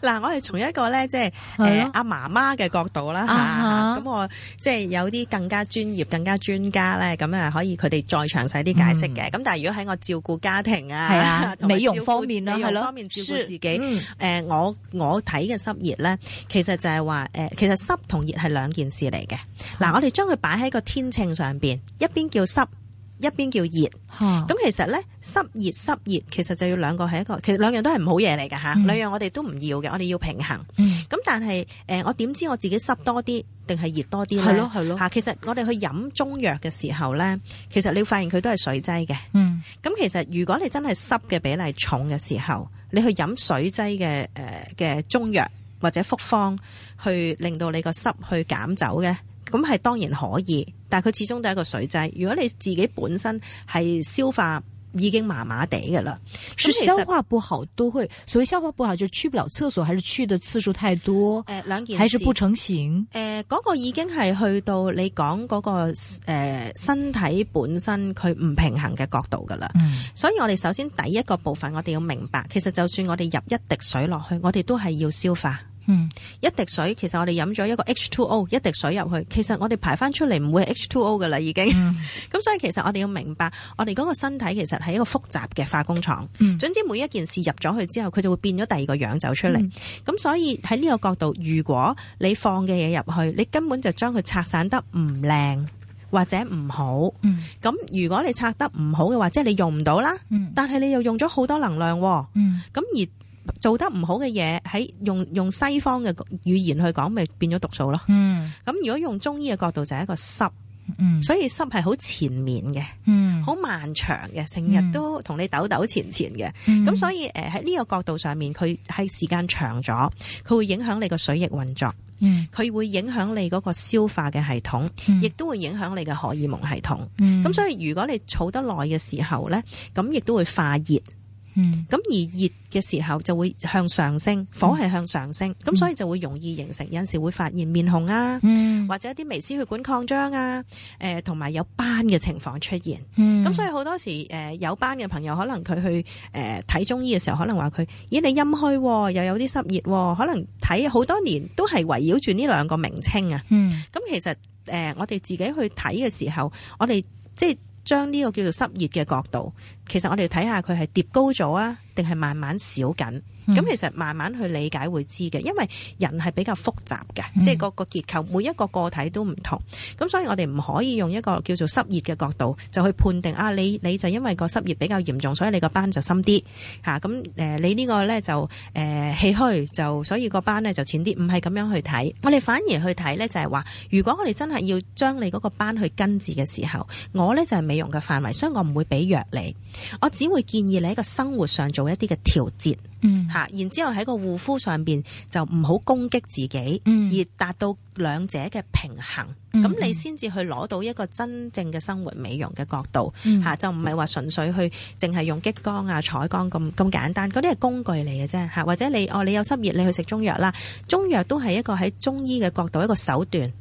嗱，我係從一個咧，即係誒阿媽媽嘅角度啦吓，咁我即係有啲更加專業、更加專家咧，咁啊可以佢哋再詳細啲解釋嘅。咁、嗯、但係如果喺我照顧家庭啊，啊照顧美容方面咯、啊，係咯是，照顧自己，誒、嗯呃，我我睇嘅濕熱咧，其實就係話，誒、呃，其實濕同熱係兩件事嚟嘅。嗱，嗯、我哋將佢擺喺個天秤上邊，一邊叫濕。一邊叫熱，咁其實咧濕熱濕熱其實就要兩個係一個，其實兩樣都係唔好嘢嚟嘅吓，兩樣、嗯、我哋都唔要嘅，我哋要平衡。咁、嗯、但係誒、呃，我點知我自己濕多啲定係熱多啲咧？係咯係咯吓，其實我哋去飲中藥嘅時候咧，其實你會發現佢都係水劑嘅。嗯，咁其實如果你真係濕嘅比例重嘅時候，你去飲水劑嘅誒嘅中藥或者複方去令到你個濕去減走嘅。咁係當然可以，但係佢始終都係一個水劑。如果你自己本身係消化已經麻麻地嘅啦，消化不好都會。所以消化不好，就去不了廁所，還是去的次數太多，誒、呃，兩件事，還是不成形。嗰、呃那個已經係去到你講嗰、那個誒、呃、身體本身佢唔平衡嘅角度噶啦。嗯、所以我哋首先第一個部分，我哋要明白，其實就算我哋入一滴水落去，我哋都係要消化。嗯，一滴水其實我哋飲咗一個 H2O 一滴水入去，其實我哋排翻出嚟唔會係 H2O 噶啦，已經。咁、mm. 嗯、所以其實我哋要明白，我哋嗰個身體其實係一個複雜嘅化工廠。Mm. 總之每一件事入咗去之後，佢就會變咗第二個樣走出嚟。咁、mm. 所以喺呢個角度，如果你放嘅嘢入去，你根本就將佢拆散得唔靚或者唔好。咁、mm. 嗯、如果你拆得唔好嘅話，即係你用唔到啦。Mm. 但係你又用咗好多能量。咁而、mm. mm. mm. 做得唔好嘅嘢，喺用用西方嘅語言去講，咪變咗毒素咯。嗯，咁如果用中醫嘅角度，就係一個濕。嗯，所以濕係好纏綿嘅，嗯，好漫長嘅，成日都同你抖抖纏纏嘅。咁所以誒喺呢個角度上面，佢係時間長咗，佢會影響你個水液運作。嗯，佢會影響你嗰個消化嘅系統，亦都會影響你嘅荷爾蒙系統。嗯，咁所以如果你儲得耐嘅時候咧，咁亦都會化熱。咁、嗯、而熱嘅時候就會向上升，火係向上升，咁、嗯、所以就會容易形成有陣時會發現面紅啊，嗯、或者一啲微絲血管擴張啊，誒同埋有斑嘅情況出現。咁、嗯、所以好多時誒、呃、有斑嘅朋友，可能佢去誒睇、呃、中醫嘅時候，可能話佢咦你陰虛、啊、又有啲濕熱，可能睇好多年都係圍繞住呢兩個名稱啊。咁、嗯、其實誒、呃、我哋自己去睇嘅時候，我哋即係。將呢個叫做濕熱嘅角度，其實我哋睇下佢係疊高咗啊，定係慢慢少緊。咁、嗯、其實慢慢去理解會知嘅，因為人係比較複雜嘅，嗯、即係個個結構，每一個個體都唔同。咁所以我哋唔可以用一個叫做濕熱嘅角度就去判定啊。你你就因為個濕熱比較嚴重，所以你個斑就深啲吓。咁、啊、誒，你、嗯呃這個、呢個咧就誒氣虛，就、呃、所以個斑咧就淺啲，唔係咁樣去睇。嗯、我哋反而去睇咧，就係話如果我哋真係要將你嗰個斑去根治嘅時候，我咧就係、是、美容嘅範圍，所以我唔會俾藥你藥，我只會建議你喺個生活上做一啲嘅調節。嗯，吓，然之後喺個護膚上邊就唔好攻擊自己，嗯、而達到兩者嘅平衡，咁、嗯、你先至去攞到一個真正嘅生活美容嘅角度，吓、嗯啊、就唔係話純粹去淨係用激光啊彩光咁咁簡單，嗰啲係工具嚟嘅啫，吓或者你哦你有濕熱你去食中藥啦，中藥都係一個喺中醫嘅角度一個手段。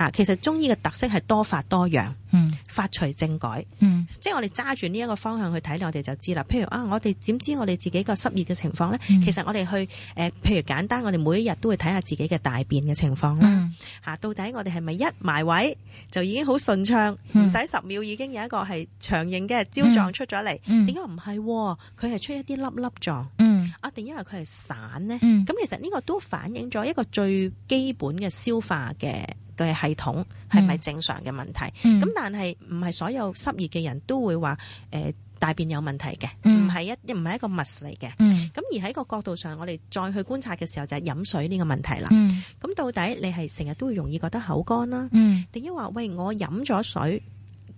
啊，其實中醫嘅特色係多法多樣，嗯，法隨症改，嗯、即係我哋揸住呢一個方向去睇我哋就知啦。譬如啊，我哋點知我哋自己個濕熱嘅情況呢？嗯、其實我哋去誒、呃，譬如簡單，我哋每一日都會睇下自己嘅大便嘅情況啦。吓、嗯啊，到底我哋係咪一埋位就已經好順暢，唔使、嗯、十秒已經有一個係長形嘅焦狀出咗嚟？點解唔係？佢、嗯、係出一啲粒粒狀？嗯、啊，定因為佢係散呢。咁、嗯嗯、其實呢個都反映咗一個最基本嘅消化嘅。嘅系統係咪正常嘅問題？咁、嗯嗯、但係唔係所有濕熱嘅人都會話誒、呃、大便有問題嘅，唔係、嗯、一唔係一個 must 嚟嘅。咁、嗯、而喺個角度上，我哋再去觀察嘅時候就係、是、飲水呢個問題啦。咁、嗯、到底你係成日都會容易覺得口乾啦？定一話喂我飲咗水，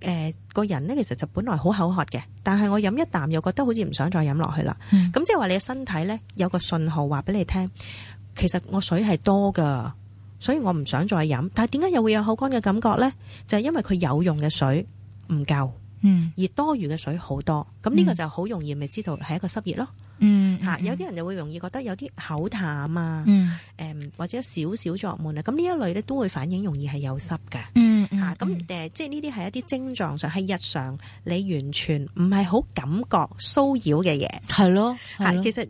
誒、呃、個人咧其實就本來好口渴嘅，但係我飲一啖又覺得好似唔想再飲落去啦。咁即係話你嘅身體咧有個信號話俾你聽，其實我水係多噶。所以我唔想再飲，但係點解又會有口乾嘅感覺呢？就係因為佢有用嘅水唔夠，嗯，而多餘嘅水好多，咁呢個就好容易咪知道係一個濕熱咯，嗯，吓有啲人就會容易覺得有啲口淡啊，嗯，或者少少作悶啊，咁呢一類咧都會反映容易係有濕嘅，嗯，吓咁誒，即係呢啲係一啲症狀上喺日常你完全唔係好感覺騷擾嘅嘢，係咯，係其實，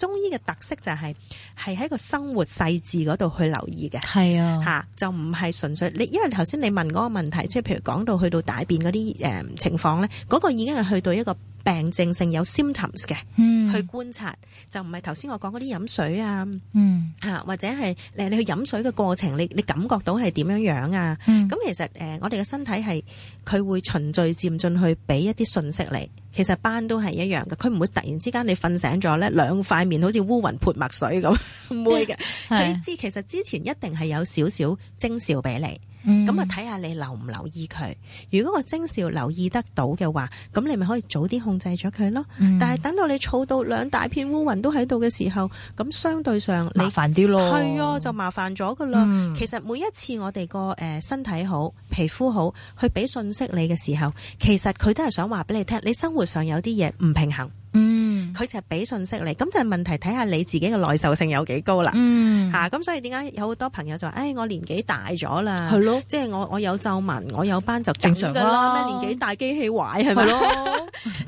中醫嘅特色就係係喺個生活細緻嗰度去留意嘅，係啊吓、啊、就唔係純粹你，因為頭先你問嗰個問題，即係譬如講到去到大便嗰啲誒情況咧，嗰、那個已經係去到一個病症性有 symptoms 嘅，嗯、去觀察就唔係頭先我講嗰啲飲水啊，嗯吓、啊、或者係誒你去飲水嘅過程，你你感覺到係點樣樣啊？咁、嗯、其實誒、呃、我哋嘅身體係佢會循序漸進去俾一啲信息你。其實斑都係一樣嘅，佢唔會突然之間你瞓醒咗咧，兩塊面好似烏雲潑墨水咁，唔 會嘅的。你 是的 知其實之前一定係有少少徵兆畀你。咁啊，睇下、嗯、你留唔留意佢。如果個徵兆留意得到嘅話，咁你咪可以早啲控制咗佢咯。嗯、但係等到你儲到兩大片烏雲都喺度嘅時候，咁相對上你麻煩啲咯。係啊，就麻煩咗噶啦。嗯、其實每一次我哋個誒身體好、皮膚好，去俾信息你嘅時候，其實佢都係想話俾你聽，你生活上有啲嘢唔平衡。嗯，佢就係俾信息你，咁就係問題，睇下你自己嘅耐受性有幾高啦。嗯，吓咁、啊、所以點解有好多朋友就話，誒、哎，我年紀大咗啦，係咯的，即係我我有皺紋，我有斑就正常啦。咩年紀大機器壞係咪咯？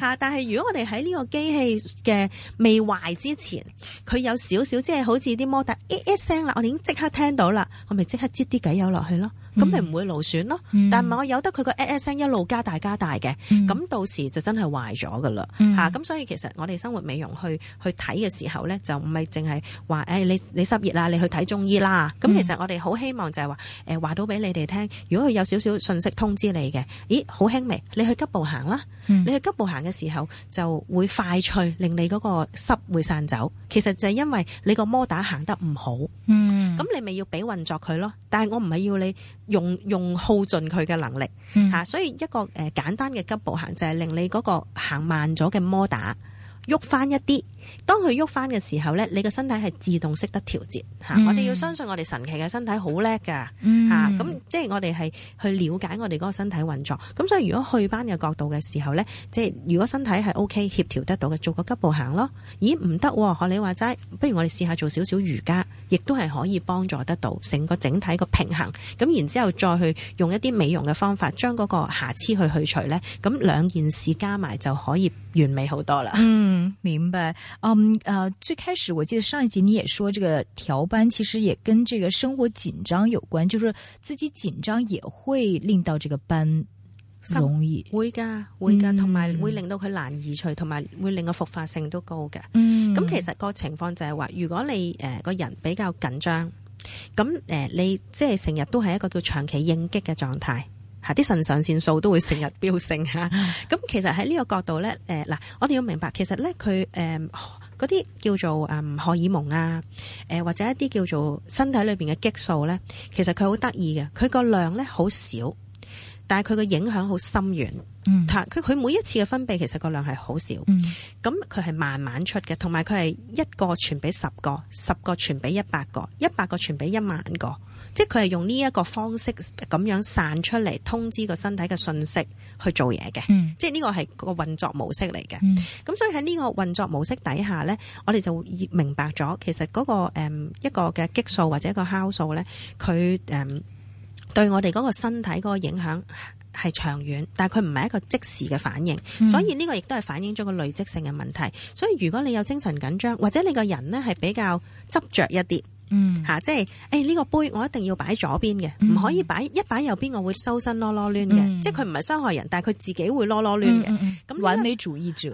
吓，的 但係如果我哋喺呢個機器嘅未壞之前，佢有少少即係好似啲摩打咿咿聲啦，我哋已經即刻聽到啦，我咪即刻擠啲機油落去咯。咁咪唔會勞損咯，嗯、但係我由得佢個嘶嘶聲，一路加大加大嘅，咁、嗯、到時就真係壞咗噶啦嚇，咁、嗯啊、所以其實我哋生活美容去去睇嘅時候咧，就唔係淨係話誒你你濕熱啦，你去睇中醫啦，咁、嗯、其實我哋好希望就係話誒話到俾你哋聽，如果佢有少少信息通知你嘅，咦好輕微，你去急步行啦，嗯、你去急步行嘅時候就會快脆令你嗰個濕會散走，其實就係因為你個摩打行得唔好，咁你咪要俾運作佢咯，但係我唔係要你。用用耗盡佢嘅能力吓、嗯啊，所以一個誒、呃、簡單嘅急步行就係、是、令你嗰個行慢咗嘅摩打喐翻一啲，當佢喐翻嘅時候咧，你個身體係自動識得調節吓。啊嗯、我哋要相信我哋神奇嘅身體好叻㗎吓，咁、嗯啊、即係我哋係去了解我哋嗰個身體運作。咁所以如果去斑嘅角度嘅時候咧，即係如果身體係 OK 協調得到嘅，做個急步行咯。咦唔得喎，學你話齋，不如我哋試下做少少瑜伽。亦都係可以幫助得到成個整體個平衡，咁然之後再去用一啲美容嘅方法將嗰個瑕疵去去除呢，咁兩件事加埋就可以完美好多啦。嗯，明白。嗯，誒，最開始，我記得上一集你也說，這個調斑其實也跟這個生活緊張有關，就是自己緊張也會令到這個斑。容易會噶，會噶，同埋、嗯、會令到佢難移除，同埋會令個復發性都高嘅。咁、嗯、其實個情況就係、是、話，如果你誒個、呃、人比較緊張，咁誒、呃、你即係成日都係一個叫長期應激嘅狀態，吓啲腎上腺素都會成日飆升 啊。咁其實喺呢個角度咧，誒、呃、嗱，我哋要明白，其實咧佢誒嗰啲叫做誒、嗯、荷爾蒙啊，誒、呃、或者一啲叫做身體裏邊嘅激素咧，其實佢好得意嘅，佢個量咧好少。但係佢嘅影響好深遠，佢佢、嗯、每一次嘅分泌其實個量係好少，咁佢係慢慢出嘅，同埋佢係一個傳俾十個，十個傳俾一百個，一百個傳俾一萬個，即係佢係用呢一個方式咁樣散出嚟通知個身體嘅信息去做嘢嘅，嗯、即係呢個係、嗯、個運作模式嚟嘅。咁所以喺呢個運作模式底下咧，我哋就明白咗，其實嗰、嗰個誒、嗯、一個嘅激素或者一個酵素咧，佢誒。嗯對我哋嗰個身體嗰個影響係長遠，但係佢唔係一個即時嘅反應，嗯、所以呢個亦都係反映咗個累積性嘅問題。所以如果你有精神緊張，或者你個人呢係比較執着一啲。吓，即係，誒呢個杯我一定要擺左邊嘅，唔可以擺一擺右邊，我會收身囉囉攣嘅，即係佢唔係傷害人，但係佢自己會囉囉攣嘅，咁完美主義住，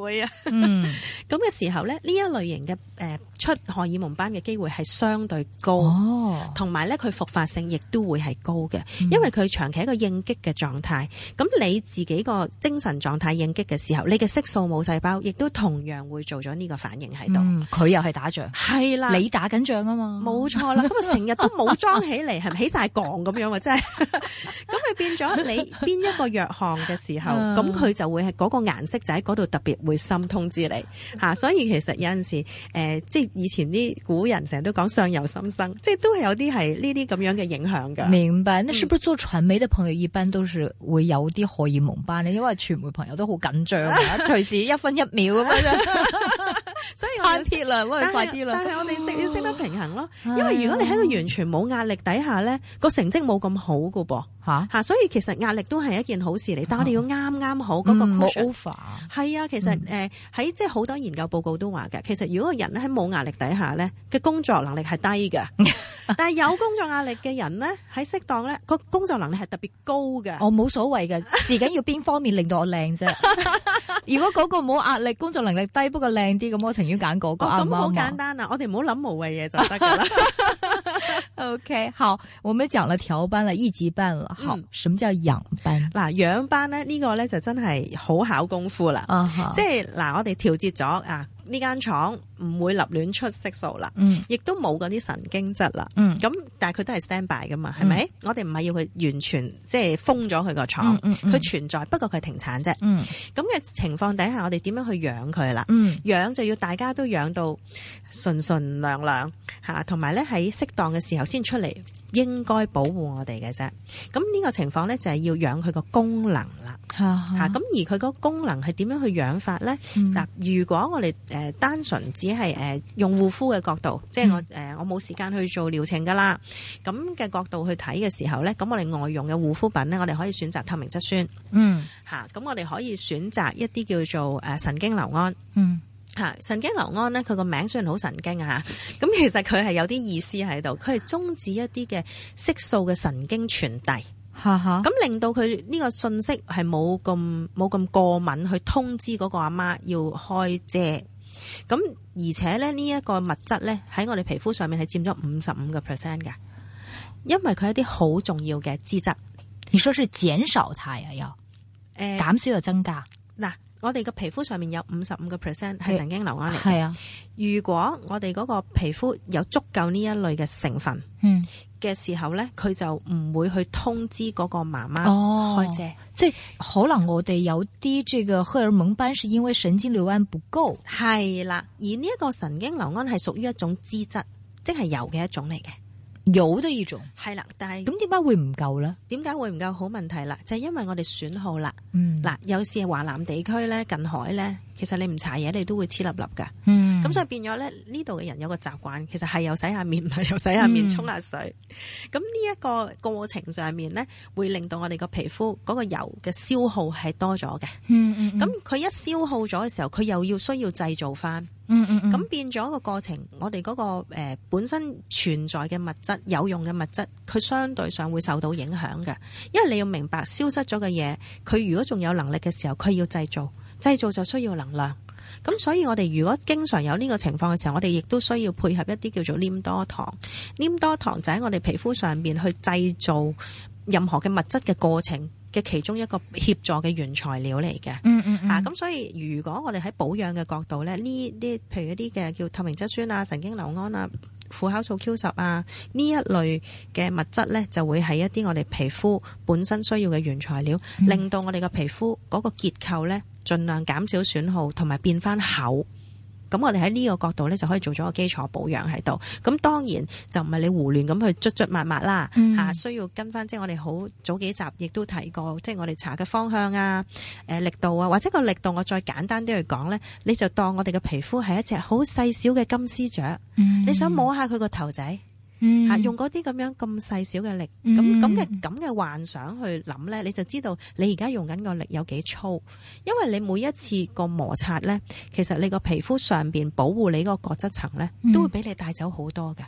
會啊，咁嘅時候咧，呢一類型嘅誒出荷爾蒙斑嘅機會係相對高，同埋咧佢復發性亦都會係高嘅，因為佢長期一個應激嘅狀態，咁你自己個精神狀態應激嘅時候，你嘅色素母細胞亦都同樣會做咗呢個反應喺度，佢又係打仗，係啦，你打緊。啊嘛，冇錯啦，咁啊成日都冇裝起嚟，係咪起晒槓咁樣啊？真係，咁佢變咗你邊一個弱項嘅時候，咁佢 就會係嗰個顏色就喺嗰度特別會心通知你。吓、啊。所以其實有陣時，誒、呃，即係以前啲古人成日都講相由心生，即係都係有啲係呢啲咁樣嘅影響噶。明白。那是不是做傳媒的朋友一般都是會有啲荷爾蒙吧？你、嗯、因為傳媒朋友都好緊張啊，隨 時一分一秒咁樣。 所以拆鐵啦，攞是快啲啦。但係我哋食要識得平衡咯，哦、因為如果你喺個完全冇壓力底下咧，個的成績冇咁好噶噃。吓吓，哈所以其實壓力都係一件好事嚟，但係我哋要啱啱好嗰、嗯、個冇 over 係啊，其實誒喺即係好多研究報告都話嘅，其實如果個人咧喺冇壓力底下咧嘅工作能力係低嘅，但係有工作壓力嘅人咧喺適當咧個工作能力係特別高嘅。 我冇所謂嘅，最緊要邊方面令到我靚啫。 如果嗰個冇壓力，工作能力低，不過靚啲，咁我情願揀嗰個咁好、哦嗯、簡單啊，嗯、我哋唔好諗無謂嘢就得噶啦。 O、okay, K，好，我們講了調斑了一級斑了，好，嗯、什麼叫養斑？嗱，養斑咧呢個咧就真係好考功夫啦，uh huh. 即係嗱，我哋調節咗啊。呢間廠唔會立亂出色素啦，嗯、亦都冇嗰啲神經質啦。咁、嗯、但係佢都係 standby 噶嘛，係咪、嗯？我哋唔係要佢完全即係封咗佢個廠，佢、嗯嗯、存在、嗯、不過佢停產啫。咁嘅、嗯、情況底下，我哋點樣去養佢啦？養、嗯、就要大家都養到純純亮亮，嚇，同埋咧喺適當嘅時候先出嚟。應該保護我哋嘅啫，咁呢個情況咧就係要養佢個功能啦，嚇，咁 而佢個功能係點樣去養法咧？嗱， 如果我哋誒單純只係誒用護膚嘅角度， 即係我誒我冇時間去做療程噶啦，咁嘅角度去睇嘅時候咧，咁我哋外用嘅護膚品咧，我哋可以選擇透明質酸， 嗯，嚇，咁我哋可以選擇一啲叫做誒神經酰胺，嗯。 吓，神經醯胺呢？佢個名雖然好神經啊，吓咁其實佢係有啲意思喺度，佢係終止一啲嘅色素嘅神經傳遞，咁 令到佢呢個信息係冇咁冇咁過敏去通知嗰個阿媽要開遮，咁而且咧呢一個物質咧喺我哋皮膚上面係佔咗五十五個 percent 嘅，因為佢係一啲好重要嘅脂質，你說係減少佢啊又，誒減少又增加嗱。我哋個皮膚上面有五十五個 percent 係神經留胺嚟嘅。係啊，如果我哋嗰個皮膚有足夠呢一類嘅成分，嗯嘅時候咧，佢、嗯、就唔會去通知嗰個媽媽開遮。即係、oh, 可能我哋有啲這個荷爾蒙斑，是因為神經留胺不夠。係啦， 而呢一個神經留胺係屬於一種脂質，即係油嘅一種嚟嘅。有都要做，係啦，但係咁點解會唔夠咧？點解會唔夠好問題啦？就係、是、因為我哋損耗啦，嗱、嗯，有時係華南地區咧，近海咧。其實你唔搽嘢，你都會黐笠笠㗎。咁、嗯嗯、所以變咗咧，呢度嘅人有個習慣，其實係又洗下面，又洗下面，沖下、嗯嗯、水。咁呢一個過程上面呢，會令到我哋個皮膚嗰、那個油嘅消耗係多咗嘅。嗯咁、嗯、佢、嗯、一消耗咗嘅時候，佢又要需要製造返。嗯嗯咁、嗯、變咗個過程，我哋嗰、那個誒、呃、本身存在嘅物質，有用嘅物質，佢相對上會受到影響嘅。因為你要明白，消失咗嘅嘢，佢如果仲有能力嘅時候，佢要製造。製造就需要能量，咁所以我哋如果經常有呢個情況嘅時候，我哋亦都需要配合一啲叫做黏多糖。黏多糖就喺我哋皮膚上面去製造任何嘅物質嘅過程嘅其中一個協助嘅原材料嚟嘅、嗯。嗯嗯嗯。咁、啊、所以如果我哋喺保養嘅角度咧，呢啲譬如一啲嘅叫透明質酸啊、神經硫胺啊、輔酵素 Q 十啊呢一類嘅物質咧，就會係一啲我哋皮膚本身需要嘅原材料，嗯、令到我哋嘅皮膚嗰個結構咧，盡量減少損耗，同埋變翻厚。咁我哋喺呢個角度呢，就可以做咗個基礎保養喺度。咁當然就唔係你胡亂咁去捽捽抹抹啦，吓、嗯啊、需要跟翻。即係我哋好早幾集亦都提過，即係我哋搽嘅方向啊，誒、呃、力度啊，或者個力度我再簡單啲去講呢，你就當我哋嘅皮膚係一隻好細小嘅金絲雀，嗯、你想摸下佢個頭仔。吓、嗯、用嗰啲咁樣咁細小嘅力，咁咁嘅咁嘅幻想去諗咧，你就知道你而家用緊個力有幾粗，因為你每一次個摩擦咧，其實你個皮膚上邊保護你個角質層咧，都會俾你帶走好多嘅。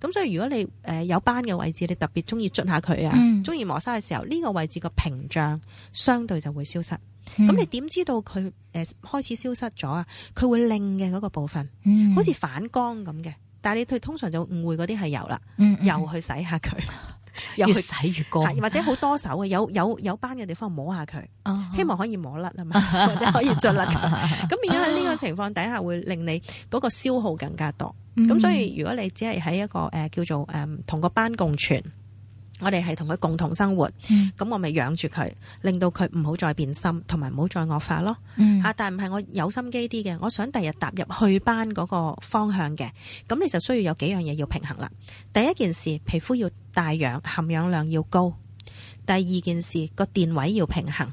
咁、嗯、所以如果你誒有斑嘅位置，你特別中意捽下佢啊，中意、嗯、磨砂嘅時候，呢、這個位置個屏障相對就會消失。咁、嗯、你點知道佢誒開始消失咗啊？佢會擰嘅嗰個部分，好似、嗯、反光咁嘅。但係你佢通常就誤會嗰啲係油啦，嗯嗯、油去洗下佢，去洗月光，或者好多手嘅有有有斑嘅地方摸下佢，啊、希望可以摸甩啊嘛，或者可以捽甩。咁變咗喺呢個情況底下，會令你嗰個消耗更加多。咁、嗯、所以如果你只係喺一個誒、呃、叫做誒、嗯、同個斑共存。我哋係同佢共同生活，咁、嗯、我咪養住佢，令到佢唔好再變心，同埋唔好再惡化咯。嗯、啊，但係唔係我有心機啲嘅，我想第日踏入去斑嗰個方向嘅，咁你就需要有幾樣嘢要平衡啦。第一件事，皮膚要帶氧，含氧量要高；第二件事，個電位要平衡。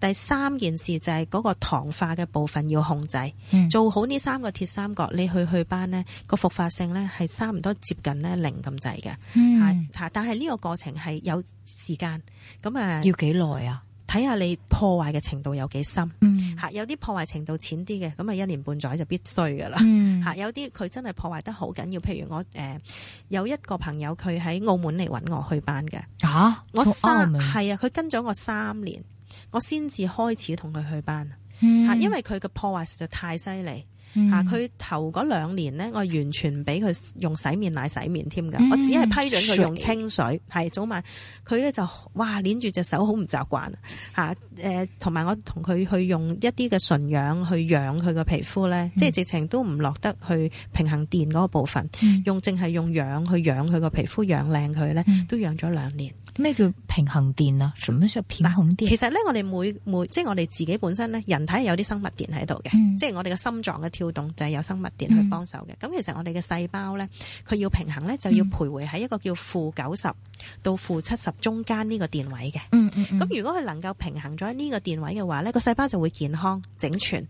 第三件事就係嗰個糖化嘅部分要控制，嗯、做好呢三個鐵三角，你去去斑呢個復發性呢係差唔多接近呢零咁滯嘅吓。但係呢個過程係有時間咁、呃、啊，要幾耐啊？睇下你破壞嘅程度有幾深，吓、呃、有啲破壞程度淺啲嘅咁啊，一年半載就必須噶啦吓。有啲佢真係破壞得好緊要，譬如我誒、呃、有一個朋友佢喺澳門嚟搵我去斑嘅吓，啊、我三係啊，佢跟咗我三年。我先至開始同佢去斑，吓、嗯，因為佢嘅破壞實在太犀利，吓、嗯，佢頭嗰兩年咧，我完全唔俾佢用洗面奶洗面添噶，嗯、我只係批准佢用清水，係水早晚，佢咧就哇，捏住隻手好唔習慣，吓。誒，同埋、呃、我同佢去用一啲嘅純氧去養佢個皮膚咧，嗯、即係直情都唔落得去平衡電嗰個部分，嗯、用淨係用氧去養佢個皮膚，養靚佢咧，嗯、都養咗兩年。咩叫平衡電啊？咩叫平衡電？其實咧，我哋每每即係我哋自己本身咧，人體係有啲生物電喺度嘅，嗯、即係我哋嘅心臟嘅跳動就係有生物電去幫手嘅。咁、嗯、其實我哋嘅細胞咧，佢要平衡咧，就要徘徊喺一個叫負九十到負七十中間呢個電位嘅。嗯，咁如果佢能夠平衡咗。喺呢個電位嘅話咧，個細胞就會健康整全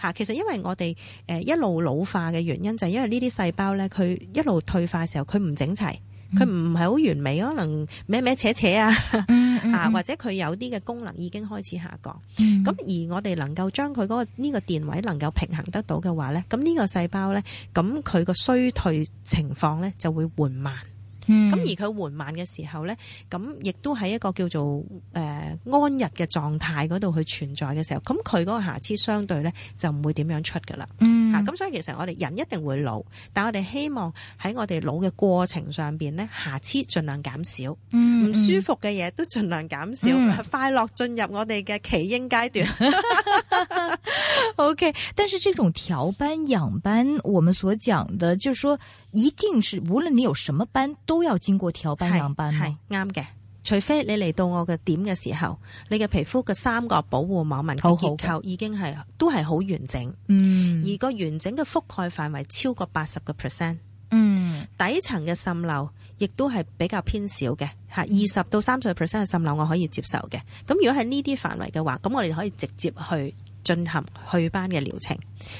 吓。嗯、其實因為我哋誒一路老化嘅原因就係因為呢啲細胞咧，佢一路退化嘅時候，佢唔整齊，佢唔係好完美，可能歪歪斜斜啊，嗯嗯、啊或者佢有啲嘅功能已經開始下降。咁、嗯、而我哋能夠將佢嗰個呢個電位能夠平衡得到嘅話咧，咁、這、呢個細胞咧，咁佢個衰退情況咧就會緩慢。咁、嗯、而佢緩慢嘅時候呢，咁亦都喺一個叫做誒、呃、安逸嘅狀態嗰度去存在嘅時候，咁佢嗰個瑕疵相對呢，就唔會點樣出㗎喇。嗯吓，咁、啊、所以其實我哋人一定會老，但我哋希望喺我哋老嘅過程上邊咧，瑕疵盡量減少，嗯、唔舒服嘅嘢都盡量減少，嗯、快樂進入我哋嘅耆英階段。 o、okay, K，但是這種調斑養斑，我們所講的，就是說，一定是無論你有什麼斑，都要經過調斑養斑？係係啱嘅。除非你嚟到我嘅點嘅時候，你嘅皮膚嘅三個保護網紋嘅結構已經係都係好完整，嗯，而個完整嘅覆蓋範圍超過八十個 percent，嗯，底層嘅滲漏亦都係比較偏少嘅，吓，二十到三十個 percent 嘅滲漏我可以接受嘅，咁如果係呢啲範圍嘅話，咁我哋可以直接去。進行去斑嘅療程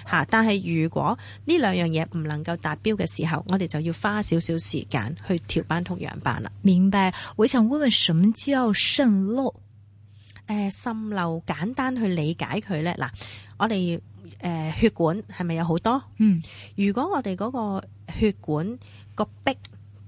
吓、啊，但係如果呢兩樣嘢唔能夠達標嘅時候，我哋就要花少少時間去調斑同養斑啦。明白。我想問問什麼叫滲漏？誒滲、呃、漏簡單去理解佢呢。嗱，我哋誒、呃、血管係咪有好多？嗯，如果我哋嗰個血管個壁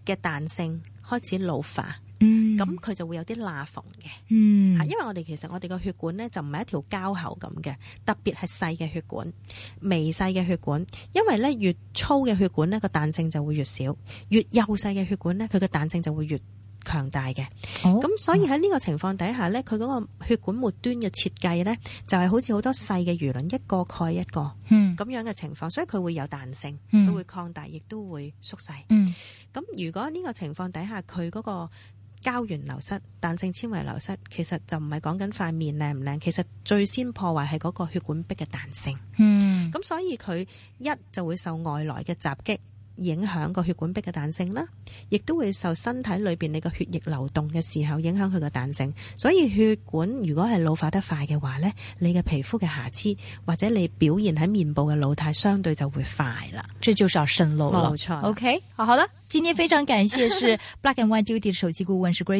嘅彈性開始老化。咁佢、嗯、就會有啲罅縫嘅，嗯，因為我哋其實我哋個血管咧就唔係一條膠喉咁嘅，特別係細嘅血管、微細嘅血管，因為咧越粗嘅血管咧個彈性就會越少，越幼細嘅血管咧佢個彈性就會越強大嘅。咁、哦、所以喺呢個情況底下咧，佢嗰個血管末端嘅設計咧就係、是、好似好多細嘅魚鱗一個蓋一個，嗯，咁樣嘅情況，嗯、所以佢會有彈性，嗯、都會擴大，亦都會縮細。嗯，咁、嗯、如果呢個情況底下佢嗰、嗰個膠原流失、彈性纖維流失，其實就唔係講緊塊面靚唔靚，其實最先破壞係嗰個血管壁嘅彈性。嗯，咁所以佢一就會受外來嘅襲擊。影響個血管壁嘅彈性啦，亦都會受身體裏邊你個血液流動嘅時候影響佢個彈性。所以血管如果係老化得快嘅話咧，你嘅皮膚嘅瑕疵或者你表現喺面部嘅老態相對就會快啦，即係叫做順路咯。冇錯。Okay，好好啦， 今天非常感謝是 Black and White Duty 嘅首席顧問是 Grace